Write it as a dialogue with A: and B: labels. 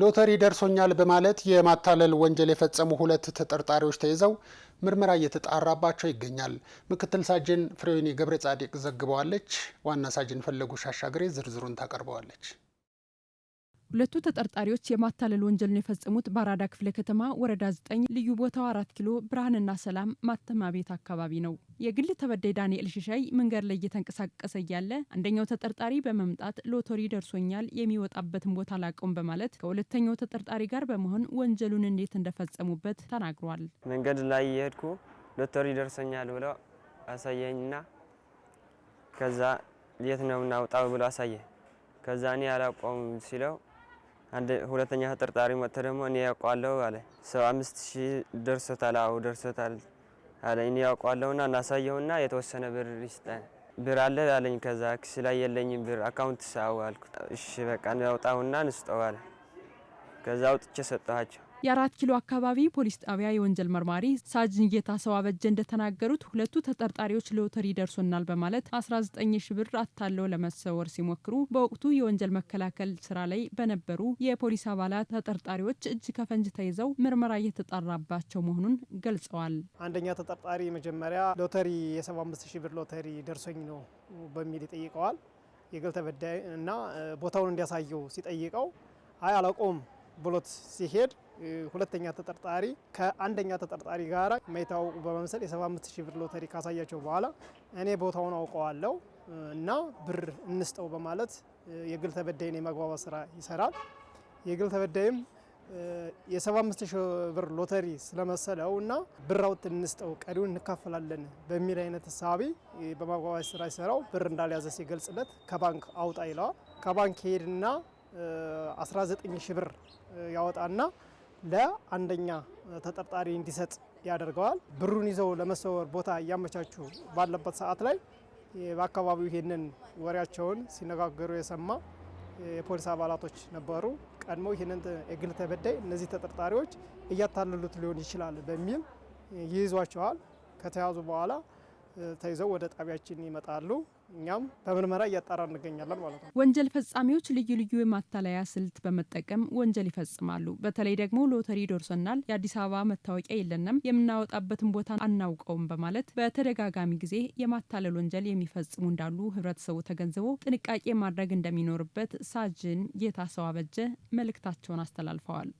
A: ሎተሪ ደርሶኛል በማለት የማታለል ወንጀል የፈጸሙ ሁለት ተጠርጣሪዎች ተይዘው ምርመራ እየተጣራባቸው ይገኛል። ምክትል ሳጅን ፍሬወይኒ ገብረ ጻዲቅ ዘግበዋለች። ዋና ሳጅን ፈለጉ ሻሻግሬ ዝርዝሩን ታቀርበዋለች።
B: ሁለቱ ተጠርጣሪዎች የማታለል ወንጀልን የፈጸሙት በአራዳ ክፍለ ከተማ ወረዳ 9 ልዩ ቦታው አራት ኪሎ ብርሃንና ሰላም ማተማ ቤት አካባቢ ነው። የግል ተበዳይ ዳንኤል ሽሻይ መንገድ ላይ እየተንቀሳቀሰ እያለ አንደኛው ተጠርጣሪ በመምጣት ሎተሪ ደርሶኛል የሚወጣበትን ቦታ አላውቀውም በማለት ከሁለተኛው ተጠርጣሪ ጋር በመሆን ወንጀሉን እንዴት እንደፈጸሙበት ተናግሯል።
C: መንገድ ላይ የሄድኩ ሎተሪ ደርሶኛል ብለው አሳየኝና ከዛ የት ነው እናውጣው ብሎ አሳየ። ከዛ እኔ አላውቀውም ሲለው ሁለተኛ ተጠርጣሪ መጥተ ደግሞ እኔ ያውቋለሁ አለ። ሰው አምስት ሺህ ደርሶታል፣ አዎ ደርሶታል አለ። እኔ እናሳየውና የተወሰነ ብር ይስጠን ብር አለ አለኝ። ከዛ ክስ ላይ የለኝም ብር አካውንት ሳው አልኩ። እሺ በቃ ያውጣውና ንስጠው አለ። ከዛ አውጥቼ ሰጠኋቸው።
B: የአራት ኪሎ አካባቢ ፖሊስ ጣቢያ የወንጀል መርማሪ ሳጅን ጌታ ሰው አበጀ እንደተናገሩት ሁለቱ ተጠርጣሪዎች ሎተሪ ደርሶናል በማለት 19 ሺ ብር አታለው ለመሰወር ሲሞክሩ በወቅቱ የወንጀል መከላከል ስራ ላይ በነበሩ የፖሊስ አባላት ተጠርጣሪዎች እጅ ከፈንጅ ተይዘው ምርመራ እየተጣራባቸው መሆኑን ገልጸዋል።
D: አንደኛ ተጠርጣሪ መጀመሪያ ሎተሪ የ75 ሺ ብር ሎተሪ ደርሶኝ ነው በሚል ይጠይቀዋል የግል ተበዳይ እና ቦታውን እንዲያሳየው ሲጠይቀው አይ አላቆም ብሎት ሲሄድ ሁለተኛ ተጠርጣሪ ከአንደኛ ተጠርጣሪ ጋር ማይታው በመምሰል የ75 ሺህ ብር ሎተሪ ካሳያቸው በኋላ እኔ ቦታውን አውቀዋለሁ እና ብር እንስጠው በማለት የግል ተበዳይን የማግባባት ስራ ይሰራል። የግል ተበዳይም የ75 ሺህ ብር ሎተሪ ስለመሰለው እና ብራውት እንስጠው ቀሪውን እንካፈላለን በሚል አይነት ሳቢ በማግባባት ስራ ይሰራው ብር እንዳልያዘ ሲገልጽለት ከባንክ አውጣ ይለዋል። ከባንክ ሄድና 19 ሺ ብር ያወጣና ለአንደኛ ተጠርጣሪ እንዲሰጥ ያደርገዋል። ብሩን ይዘው ለመሰወር ቦታ እያመቻቹ ባለበት ሰዓት ላይ በአካባቢው ይህንን ወሬያቸውን ሲነጋገሩ የሰማ የፖሊስ አባላቶች ነበሩ። ቀድሞ ይህንን የግል ተበዳይ እነዚህ ተጠርጣሪዎች እያታለሉት ሊሆን ይችላል በሚል ይይዟቸዋል። ከተያዙ በኋላ ተይዘው ወደ ጣቢያችን ይመጣሉ። እኛም በምርመራ እያጣራ እንገኛለን ማለት ነው።
B: ወንጀል ፈጻሚዎች ልዩ ልዩ የማታለያ ስልት በመጠቀም ወንጀል ይፈጽማሉ። በተለይ ደግሞ ሎተሪ ደርሶናል፣ የአዲስ አበባ መታወቂያ የለንም፣ የምናወጣበትን ቦታ አናውቀውም በማለት በተደጋጋሚ ጊዜ የማታለል ወንጀል የሚፈጽሙ እንዳሉ ህብረተሰቡ ተገንዝቦ ጥንቃቄ ማድረግ እንደሚኖርበት ሳጅን ጌታሰው አበጀ መልእክታቸውን አስተላልፈዋል።